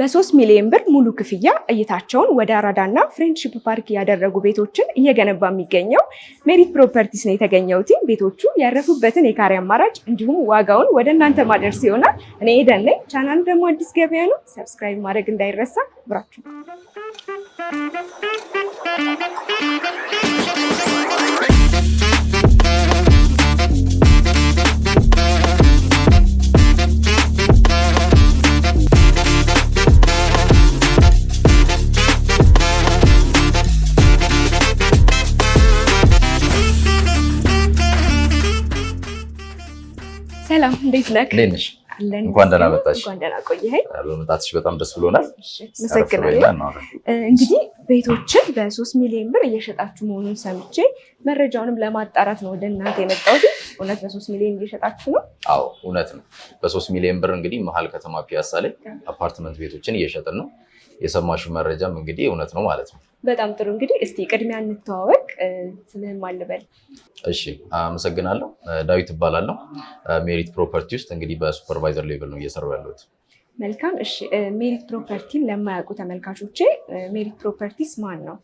በሶስት ሚሊዮን ብር ሙሉ ክፍያ እይታቸውን ወደ አራዳና ፍሬንድሺፕ ፓርክ ያደረጉ ቤቶችን እየገነባ የሚገኘው ሜሪት ፕሮፐርቲስ ነው የተገኘው። ቲም ቤቶቹ ያረፉበትን የካሬ አማራጭ እንዲሁም ዋጋውን ወደ እናንተ ማድረስ ይሆናል። እኔ ሄደን ነኝ። ቻናሉ ደግሞ አዲስ ገበያ ነው። ሰብስክራይብ ማድረግ እንዳይረሳ ብራችሁ እንዴት ነህ? እንዴት ነሽ? እንኳን ደህና መጣሽ። በመምጣትሽ በጣም ደስ ብሎናል። አመሰግናለሁ። እንግዲህ ቤቶችን በሶስት ሚሊዮን ብር እየሸጣችሁ መሆኑን ሰምቼ መረጃውንም ለማጣራት ነው ወደ እናንተ የመጣሁት። እውነት በሶስት ሚሊዮን እየሸጣችሁ ነው? አዎ እውነት ነው። በሶስት ሚሊዮን ብር እንግዲህ መሀል ከተማ ፒያሳ ላይ አፓርትመንት ቤቶችን እየሸጥን ነው። የሰማሽው መረጃም እንግዲህ እውነት ነው ማለት ነው። በጣም ጥሩ እንግዲህ እስቲ ቅድሚያ እንተዋወቅ፣ ስምህን ማን እሺ አመሰግናለሁ። ዳዊት እባላለሁ። ሜሪት ፕሮፐርቲ ውስጥ እንግዲህ በሱፐርቫይዘር ሌቭል ነው እየሰሩ ያለሁት። መልካም። እሺ ሜሪት ፕሮፐርቲን ለማያውቁ ተመልካቾቼ ሜሪት ፕሮፐርቲስ ማን ነው?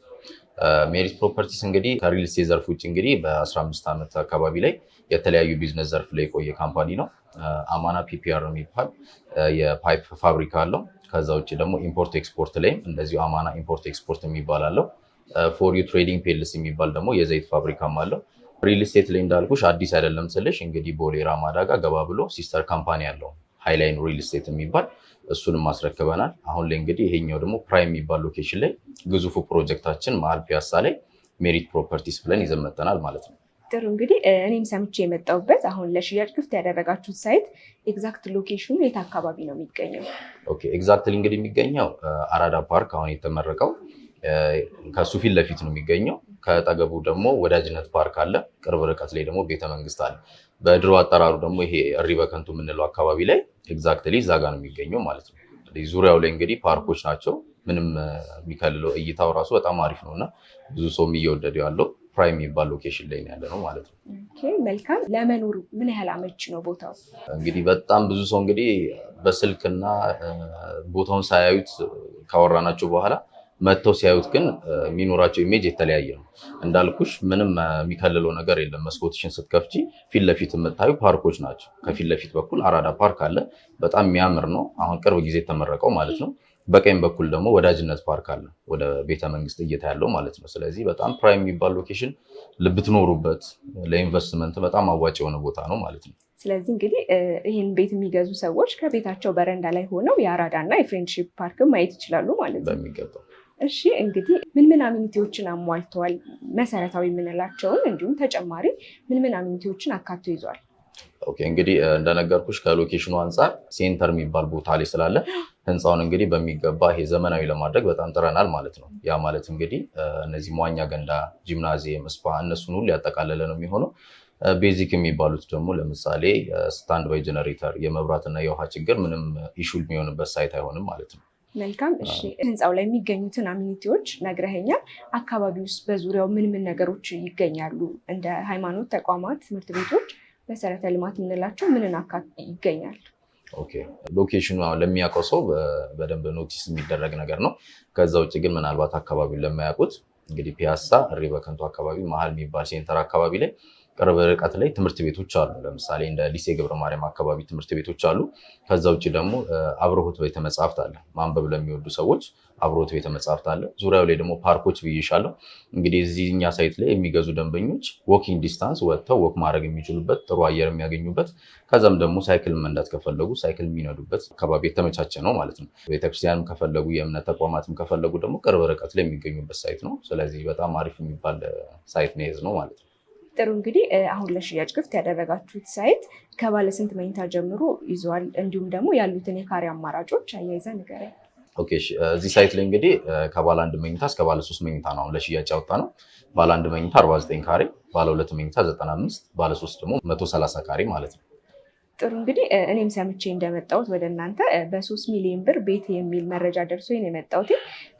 ሜሪት ፕሮፐርቲስ እንግዲህ ከሪል ስቴት ዘርፍ ውጭ እንግዲህ በ15 ዓመት አካባቢ ላይ የተለያዩ ቢዝነስ ዘርፍ ላይ የቆየ ካምፓኒ ነው። አማና ፒፒአር የሚባል የፓይፕ ፋብሪካ አለው። ከዛ ውጭ ደግሞ ኢምፖርት ኤክስፖርት ላይም እንደዚሁ አማና ኢምፖርት ኤክስፖርት የሚባል አለው። ፎር ዩ ትሬዲንግ ፔልስ የሚባል ደግሞ የዘይት ፋብሪካም አለው። ሪል ስቴት ላይ እንዳልኩሽ አዲስ አይደለም ስልሽ እንግዲህ ቦሌ ራማዳ ጋር ገባ ብሎ ሲስተር ካምፓኒ አለው ሃይላይን ሪል ስቴት የሚባል እሱንም ማስረክበናል። አሁን ላይ እንግዲህ ይሄኛው ደግሞ ፕራይም የሚባል ሎኬሽን ላይ ግዙፉ ፕሮጀክታችን መሀል ፒያሳ ላይ ሜሪት ፕሮፐርቲስ ብለን ይዘመጠናል ማለት ነው። ጥሩ እንግዲህ እኔም ሰምቼ የመጣሁበት አሁን ለሽያጭ ክፍት ያደረጋችሁት ሳይት ኤግዛክት ሎኬሽኑ የት አካባቢ ነው የሚገኘው? ኦኬ ኤግዛክትሊ እንግዲህ የሚገኘው አራዳ ፓርክ አሁን የተመረቀው ከሱ ፊት ለፊት ነው የሚገኘው። ከጠገቡ ደግሞ ወዳጅነት ፓርክ አለ። ቅርብ ርቀት ላይ ደግሞ ቤተመንግስት አለ። በድሮ አጠራሩ ደግሞ ይሄ እሪ በከንቱ የምንለው አካባቢ ላይ ኤግዛክትሊ እዛ ጋ ነው የሚገኘው ማለት ነው። ዙሪያው ላይ እንግዲህ ፓርኮች ናቸው። ምንም የሚከልለው እይታው ራሱ በጣም አሪፍ ነው እና ብዙ ሰውም እየወደደው ያለው ፕራይም የሚባል ሎኬሽን ላይ ያለ ነው ማለት ነው። መልካም። ለመኖር ምን ያህል አመች ነው ቦታው? እንግዲህ በጣም ብዙ ሰው እንግዲህ በስልክና ቦታውን ሳያዩት ካወራናቸው በኋላ መጥተው ሲያዩት ግን የሚኖራቸው ኢሜጅ የተለያየ ነው። እንዳልኩሽ ምንም የሚከልለው ነገር የለም። መስኮትሽን ስትከፍቺ ፊት ለፊት የምታዩ ፓርኮች ናቸው። ከፊት ለፊት በኩል አራዳ ፓርክ አለ፣ በጣም የሚያምር ነው። አሁን ቅርብ ጊዜ የተመረቀው ማለት ነው። በቀኝ በኩል ደግሞ ወዳጅነት ፓርክ አለ፣ ወደ ቤተ መንግስት እይታ ያለው ማለት ነው። ስለዚህ በጣም ፕራይም የሚባል ሎኬሽን ብትኖሩበት ለኢንቨስትመንት በጣም አዋጭ የሆነ ቦታ ነው ማለት ነው። ስለዚህ እንግዲህ ይህን ቤት የሚገዙ ሰዎች ከቤታቸው በረንዳ ላይ ሆነው የአራዳ እና የፍሬንድሺፕ ፓርክ ማየት ይችላሉ ማለት ነው በሚገባው እሺ እንግዲህ ምን ምን አሚኒቲዎችን አሟልተዋል? መሰረታዊ የምንላቸውን እንዲሁም ተጨማሪ ምን ምን አሚኒቲዎችን አካቶ ይዟል? ኦኬ እንግዲህ እንደነገርኩሽ ከሎኬሽኑ አንጻር ሴንተር የሚባል ቦታ ላይ ስላለ ህንፃውን እንግዲህ በሚገባ ይሄ ዘመናዊ ለማድረግ በጣም ጥረናል ማለት ነው። ያ ማለት እንግዲህ እነዚህ መዋኛ ገንዳ፣ ጂምናዚየም፣ ስፓ እነሱን ሁሉ ያጠቃለለ ነው የሚሆነው። ቤዚክ የሚባሉት ደግሞ ለምሳሌ ስታንድ ባይ ጀነሬተር፣ የመብራትና የውሃ ችግር ምንም ኢሹ የሚሆንበት ሳይት አይሆንም ማለት ነው። መልካም እሺ፣ ህንፃው ላይ የሚገኙትን አሚኒቲዎች ነግረኸኛል። አካባቢ ውስጥ በዙሪያው ምን ምን ነገሮች ይገኛሉ? እንደ ሃይማኖት ተቋማት፣ ትምህርት ቤቶች፣ መሰረተ ልማት የምንላቸው ምንን ይገኛል? ኦኬ፣ ሎኬሽኑ ለሚያውቀው ሰው በደንብ ኖቲስ የሚደረግ ነገር ነው። ከዛ ውጭ ግን ምናልባት አካባቢውን ለማያውቁት እንግዲህ ፒያሳ፣ እሪ በከንቱ አካባቢ፣ መሀል የሚባል ሴንተር አካባቢ ላይ ቅርብ ርቀት ላይ ትምህርት ቤቶች አሉ። ለምሳሌ እንደ ሊሴ ገብረ ማርያም አካባቢ ትምህርት ቤቶች አሉ። ከዛ ውጭ ደግሞ አብርሆት ቤተ መጽሐፍት አለ። ማንበብ ለሚወዱ ሰዎች አብርሆት ቤተ መጽሐፍት አለ። ዙሪያው ላይ ደግሞ ፓርኮች ብይሻለው። እንግዲህ እዚህኛ ሳይት ላይ የሚገዙ ደንበኞች ወኪንግ ዲስታንስ ወጥተው ወክ ማድረግ የሚችሉበት ጥሩ አየር የሚያገኙበት ከዛም ደግሞ ሳይክል መንዳት ከፈለጉ ሳይክል የሚነዱበት አካባቢ የተመቻቸ ነው ማለት ነው። ቤተክርስቲያንም ከፈለጉ የእምነት ተቋማትም ከፈለጉ ደግሞ ቅርብ ርቀት ላይ የሚገኙበት ሳይት ነው። ስለዚህ በጣም አሪፍ የሚባል ሳይት ነው ማለት ነው። ጥሩ እንግዲህ አሁን ለሽያጭ ክፍት ያደረጋችሁት ሳይት ከባለ ስንት መኝታ ጀምሮ ይዟል? እንዲሁም ደግሞ ያሉትን የካሬ አማራጮች አያይዘ ንገረኝ። እዚህ ሳይት ላይ እንግዲህ ከባለ አንድ መኝታ እስከ ባለ ሶስት መኝታ ነው አሁን ለሽያጭ ያወጣ ነው። ባለ አንድ መኝታ 49 ካሬ፣ ባለ ሁለት መኝታ 95፣ ባለ ሶስት ደግሞ 130 ካሬ ማለት ነው። ጥሩ እንግዲህ እኔም ሰምቼ እንደመጣሁት ወደ እናንተ በሶስት ሚሊዮን ብር ቤት የሚል መረጃ ደርሶ ነው የመጣሁት።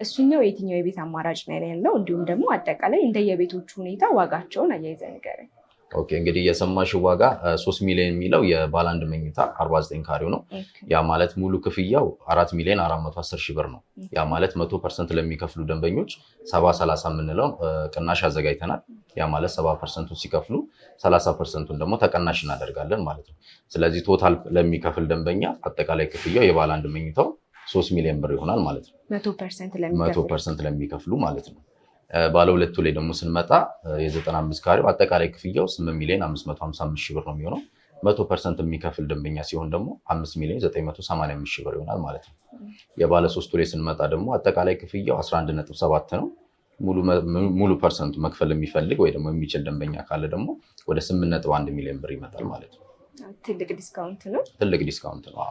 እሱኛው የትኛው የቤት አማራጭ ነው ያለው? እንዲሁም ደግሞ አጠቃላይ እንደየቤቶቹ ሁኔታ ዋጋቸውን አያይዘ ንገረኝ። ኦኬ እንግዲህ የሰማሽው ዋጋ ሶስት ሚሊዮን የሚለው የባለ አንድ መኝታ 49 ካሬው ነው። ያ ማለት ሙሉ ክፍያው አራት ሚሊዮን አራት መቶ አስር ሺህ ብር ነው። ያ ማለት መቶ ፐርሰንት ለሚከፍሉ ደንበኞች ሰባ ሰላሳ የምንለው ቅናሽ አዘጋጅተናል። ያ ማለት ሰባ ፐርሰንቱን ሲከፍሉ ሰላሳ ፐርሰንቱን ደግሞ ተቀናሽ እናደርጋለን ማለት ነው። ስለዚህ ቶታል ለሚከፍል ደንበኛ አጠቃላይ ክፍያው የባለ አንድ መኝታው ሶስት ሚሊዮን ብር ይሆናል ማለት ነው። መቶ ፐርሰንት ለሚከፍሉ ማለት ነው። ባለ ሁለቱ ላይ ደግሞ ስንመጣ የ95 ካሬው አጠቃላይ ክፍያው 8 ሚሊዮን 555 ሺህ ብር ነው የሚሆነው። መቶ ፐርሰንት የሚከፍል ደንበኛ ሲሆን ደግሞ 5 ሚሊዮን 985 ሺህ ብር ይሆናል ማለት ነው። የባለ ሶስቱ ላይ ስንመጣ ደግሞ አጠቃላይ ክፍያው 11.7 ነው። ሙሉ ፐርሰንቱ መክፈል የሚፈልግ ወይ ደግሞ የሚችል ደንበኛ ካለ ደግሞ ወደ 8.1 ሚሊዮን ብር ይመጣል ማለት ነው። ትልቅ ዲስካውንት ነው። ትልቅ ዲስካውንት ነው።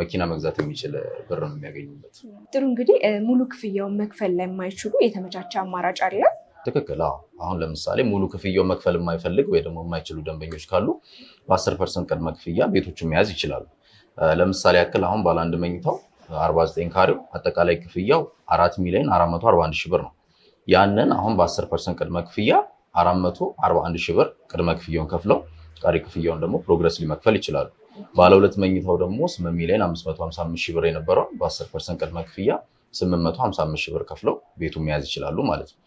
መኪና መግዛት የሚችል ብር ነው የሚያገኙበት። ጥሩ እንግዲህ ሙሉ ክፍያውን መክፈል ለማይችሉ የተመቻቸ አማራጭ አለ። ትክክል። አሁን ለምሳሌ ሙሉ ክፍያውን መክፈል የማይፈልግ ወይ ደግሞ የማይችሉ ደንበኞች ካሉ በአስር ፐርሰንት ቅድመ ክፍያ ቤቶቹ መያዝ ይችላሉ። ለምሳሌ ያክል አሁን ባለ አንድ መኝታው 49 ካሬው አጠቃላይ ክፍያው አራት ሚሊዮን 441 ሺህ ብር ነው። ያንን አሁን በ10 ፐርሰንት ቅድመ ክፍያ 441 ሺህ ብር ቅድመ ክፍያውን ከፍለው ቀሪ ክፍያውን ደግሞ ፕሮግረስ ሊመክፈል ይችላሉ። ባለ ሁለት መኝታው ደግሞ 8 ሚሊዮን 555 ሺህ ብር የነበረውን በ10 ፐርሰንት ቅድመ ክፍያ 855 ሺህ ብር ከፍለው ቤቱን መያዝ ይችላሉ ማለት ነው።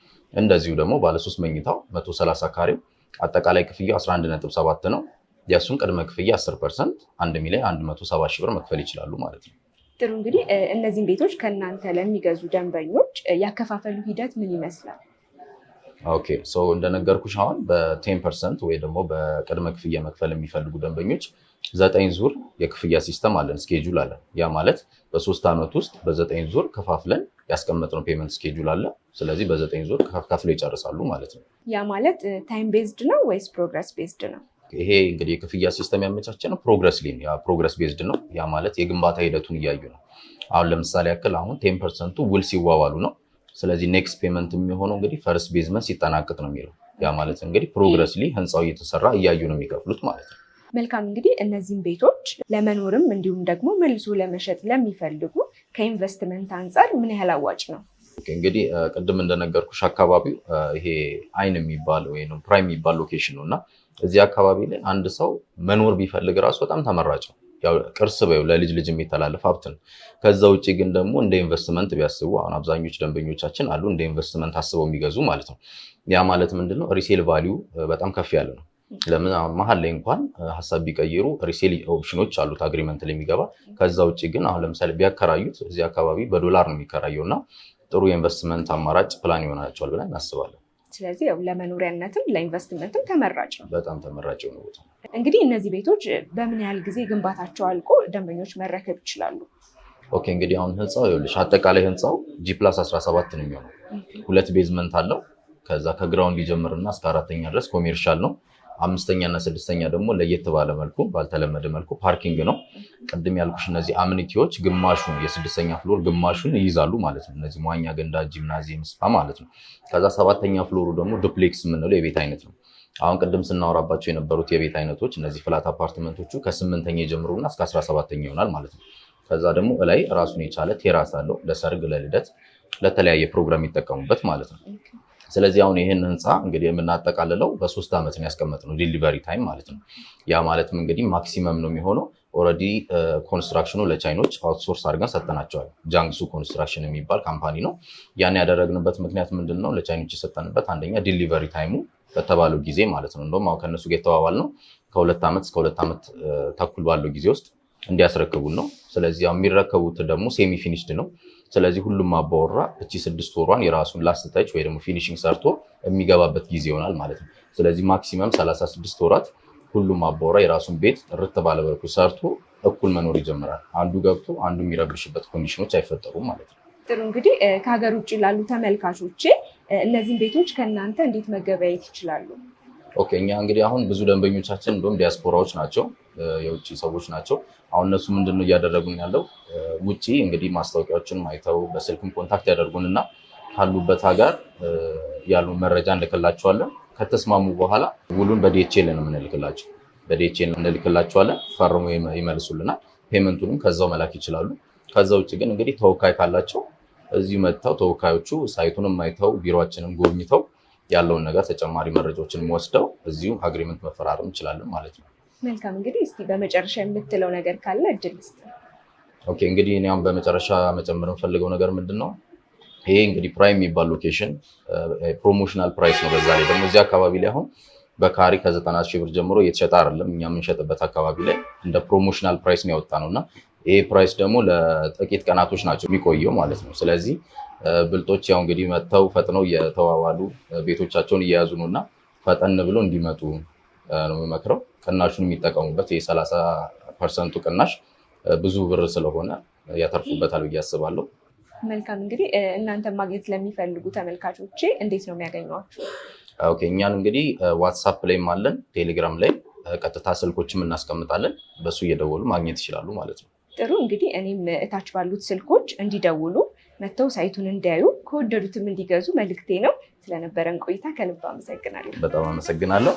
እንደዚሁ ደግሞ ባለ ሶስት መኝታው 130 ካሬው አጠቃላይ ክፍያው 11.7 ነው። የእሱን ቅድመ ክፍያ 10 ፐርሰንት 1 ሚሊዮን 170 ሺህ ብር መክፈል ይችላሉ ማለት ነው። ጥሩ እንግዲህ እነዚህን ቤቶች ከእናንተ ለሚገዙ ደንበኞች ያከፋፈሉ ሂደት ምን ይመስላል? ኦኬ ሶ እንደነገርኩሽ አሁን በቴን ፐርሰንት ወይ ደግሞ በቅድመ ክፍያ መክፈል የሚፈልጉ ደንበኞች ዘጠኝ ዙር የክፍያ ሲስተም አለን፣ ስኬጁል አለን። ያ ማለት በሶስት ዓመት ውስጥ በዘጠኝ ዙር ከፋፍለን ያስቀመጥነው ፔመንት ስኬጁል አለ። ስለዚህ በዘጠኝ ዙር ከፍለው ይጨርሳሉ ማለት ነው። ያ ማለት ታይም ቤዝድ ነው ወይስ ፕሮግረስ ቤዝድ ነው? ይሄ እንግዲህ የክፍያ ሲስተም ያመቻቸ ነው ፕሮግረስ ሊን ፕሮግረስ ቤዝድ ነው። ያ ማለት የግንባታ ሂደቱን እያዩ ነው። አሁን ለምሳሌ ያክል አሁን ቴን ፐርሰንቱ ውል ሲዋዋሉ ነው ስለዚህ ኔክስት ፔመንት የሚሆነው እንግዲህ ፈርስት ቤዝመንት ሲጠናቀቅ ነው የሚለው። ያ ማለት እንግዲህ ፕሮግረስሊ ህንፃው እየተሰራ እያዩ ነው የሚከፍሉት ማለት ነው። መልካም እንግዲህ እነዚህም ቤቶች ለመኖርም እንዲሁም ደግሞ መልሶ ለመሸጥ ለሚፈልጉ ከኢንቨስትመንት አንጻር ምን ያህል አዋጭ ነው? እንግዲህ ቅድም እንደነገርኩሽ አካባቢው ይሄ አይን የሚባል ወይም ፕራይም የሚባል ሎኬሽን ነው እና እዚህ አካባቢ ላይ አንድ ሰው መኖር ቢፈልግ ራሱ በጣም ተመራጭ ነው። ቅርስ በይው ለልጅ ልጅ የሚተላለፍ ሀብት ነው። ከዛ ውጭ ግን ደግሞ እንደ ኢንቨስትመንት ቢያስቡ አሁን አብዛኞቹ ደንበኞቻችን አሉ እንደ ኢንቨስትመንት አስበው የሚገዙ ማለት ነው። ያ ማለት ምንድነው ሪሴል ቫሊዩ በጣም ከፍ ያለ ነው። ለምን መሀል ላይ እንኳን ሀሳብ ቢቀይሩ ሪሴል ኦፕሽኖች አሉት አግሪመንት ላይ የሚገባ። ከዛ ውጭ ግን አሁን ለምሳሌ ቢያከራዩት እዚህ አካባቢ በዶላር ነው የሚከራየው እና ጥሩ የኢንቨስትመንት አማራጭ ፕላን ይሆናቸዋል ብለን እናስባለን። ስለዚህ ያው ለመኖሪያነትም ለኢንቨስትመንትም ተመራጭ ነው። በጣም ተመራጭ የሆነ ቦታ እንግዲህ እነዚህ ቤቶች በምን ያህል ጊዜ ግንባታቸው አልቆ ደንበኞች መረከብ ይችላሉ? ኦኬ እንግዲህ አሁን ህንፃው ይኸውልሽ አጠቃላይ ህንፃው ጂ ፕላስ 17 ነው የሚሆነው። ሁለት ቤዝመንት አለው። ከዛ ከግራውንድ ሊጀምርና እስከ አራተኛ ድረስ ኮሜርሻል ነው። አምስተኛ እና ስድስተኛ ደግሞ ለየት ባለ መልኩ ባልተለመደ መልኩ ፓርኪንግ ነው። ቅድም ያልኩሽ እነዚህ አምኒቲዎች ግማሹን የስድስተኛ ፍሎር ግማሹን ይይዛሉ ማለት ነው። እነዚህ መዋኛ ገንዳ፣ ጂምናዚየም፣ ስፓ ማለት ነው። ከዛ ሰባተኛ ፍሎሩ ደግሞ ዱፕሌክስ የምንለው የቤት አይነት ነው። አሁን ቅድም ስናወራባቸው የነበሩት የቤት አይነቶች እነዚህ ፍላት አፓርትመንቶቹ ከስምንተኛ የጀምሩና እስከ አስራ ሰባተኛ ይሆናል ማለት ነው። ከዛ ደግሞ እላይ ራሱን የቻለ ቴራስ አለው። ለሰርግ፣ ለልደት፣ ለተለያየ ፕሮግራም ይጠቀሙበት ማለት ነው። ስለዚህ አሁን ይህን ህንፃ እንግዲህ የምናጠቃልለው በሶስት ዓመት ነው ያስቀመጥነው ዲሊቨሪ ታይም ማለት ነው። ያ ማለትም እንግዲህ ማክሲመም ነው የሚሆነው። ኦልሬዲ ኮንስትራክሽኑ ለቻይኖች አውትሶርስ አድርገን ሰጠናቸዋል። ጃንግሱ ኮንስትራክሽን የሚባል ካምፓኒ ነው። ያን ያደረግንበት ምክንያት ምንድን ነው? ለቻይኖች የሰጠንበት አንደኛ ዲሊቨሪ ታይሙ በተባለው ጊዜ ማለት ነው። እንደውም ከእነሱ ጋር የተባባል ነው ከሁለት ዓመት እስከ ሁለት ዓመት ተኩል ባለው ጊዜ ውስጥ እንዲያስረክቡን ነው። ስለዚህ የሚረከቡት ደግሞ ሴሚ ፊኒሽድ ነው ስለዚህ ሁሉም አባወራ እቺ ስድስት ወሯን የራሱን ላስት ታች ወይ ደግሞ ፊኒሽንግ ሰርቶ የሚገባበት ጊዜ ይሆናል ማለት ነው። ስለዚህ ማክሲመም 36 ወራት ሁሉም አባወራ የራሱን ቤት ርት ባለበልኩ ሰርቶ እኩል መኖር ይጀምራል። አንዱ ገብቶ አንዱ የሚረብሽበት ኮንዲሽኖች አይፈጠሩም ማለት ነው። ጥሩ እንግዲህ ከሀገር ውጭ ላሉ ተመልካቾቼ እነዚህን ቤቶች ከእናንተ እንዴት መገበያየት ይችላሉ? ኦኬ እኛ እንግዲህ አሁን ብዙ ደንበኞቻችን እንዲሁም ዲያስፖራዎች ናቸው፣ የውጭ ሰዎች ናቸው። አሁን እነሱ ምንድን ነው እያደረጉን ያለው ውጭ እንግዲህ ማስታወቂያዎችን አይተው በስልክም ኮንታክት ያደርጉን እና ካሉበት ሀገር ያሉን መረጃ እንልክላቸዋለን። ከተስማሙ በኋላ ውሉን በዲኤችኤል ነው የምንልክላቸው። በዲኤችኤል እንልክላቸዋለን፣ ፈርሞ ይመልሱልናል። ፔመንቱንም ከዛው መላክ ይችላሉ። ከዛ ውጭ ግን እንግዲህ ተወካይ ካላቸው እዚሁ መጥተው ተወካዮቹ ሳይቱንም አይተው ቢሮችንም ጎብኝተው ያለውን ነገር ተጨማሪ መረጃዎችን ወስደው እዚሁ አግሪመንት መፈራረም እንችላለን ማለት ነው። መልካም እንግዲህ እስቲ በመጨረሻ የምትለው ነገር ካለ እድል ስጥ። ኦኬ እንግዲህ እኔም በመጨረሻ መጨመር የምፈልገው ነገር ምንድን ነው ይሄ እንግዲህ ፕራይም የሚባል ሎኬሽን ፕሮሞሽናል ፕራይስ ነው። በዛ ላይ ደግሞ እዚህ አካባቢ ላይ አሁን በካሪ ከዘጠና ሺህ ብር ጀምሮ እየተሸጠ አይደለም። እኛ የምንሸጥበት አካባቢ ላይ እንደ ፕሮሞሽናል ፕራይስ ነው ያወጣ ነው እና ይሄ ፕራይስ ደግሞ ለጥቂት ቀናቶች ናቸው የሚቆየው ማለት ነው። ስለዚህ ብልጦች ያው እንግዲህ መጥተው ፈጥነው እየተዋዋሉ ቤቶቻቸውን እየያዙ ነው እና ፈጠን ብሎ እንዲመጡ ነው የምመክረው። ቅናሹን የሚጠቀሙበት የሰላሳ ፐርሰንቱ ቅናሽ ብዙ ብር ስለሆነ ያተርፉበታል ብዬ አስባለሁ። መልካም እንግዲህ እናንተ ማግኘት ለሚፈልጉ ተመልካቾች እንዴት ነው የሚያገኘዋቸው? ኦኬ እኛን እንግዲህ ዋትሳፕ ላይም አለን፣ ቴሌግራም ላይ ቀጥታ ስልኮችም እናስቀምጣለን። በሱ እየደወሉ ማግኘት ይችላሉ ማለት ነው። ጥሩ እንግዲህ እኔም እታች ባሉት ስልኮች እንዲደውሉ መጥተው ሳይቱን እንዲያዩ ከወደዱትም እንዲገዙ መልክቴ ነው። ስለነበረን ቆይታ ከልብ አመሰግናለሁ። በጣም አመሰግናለሁ።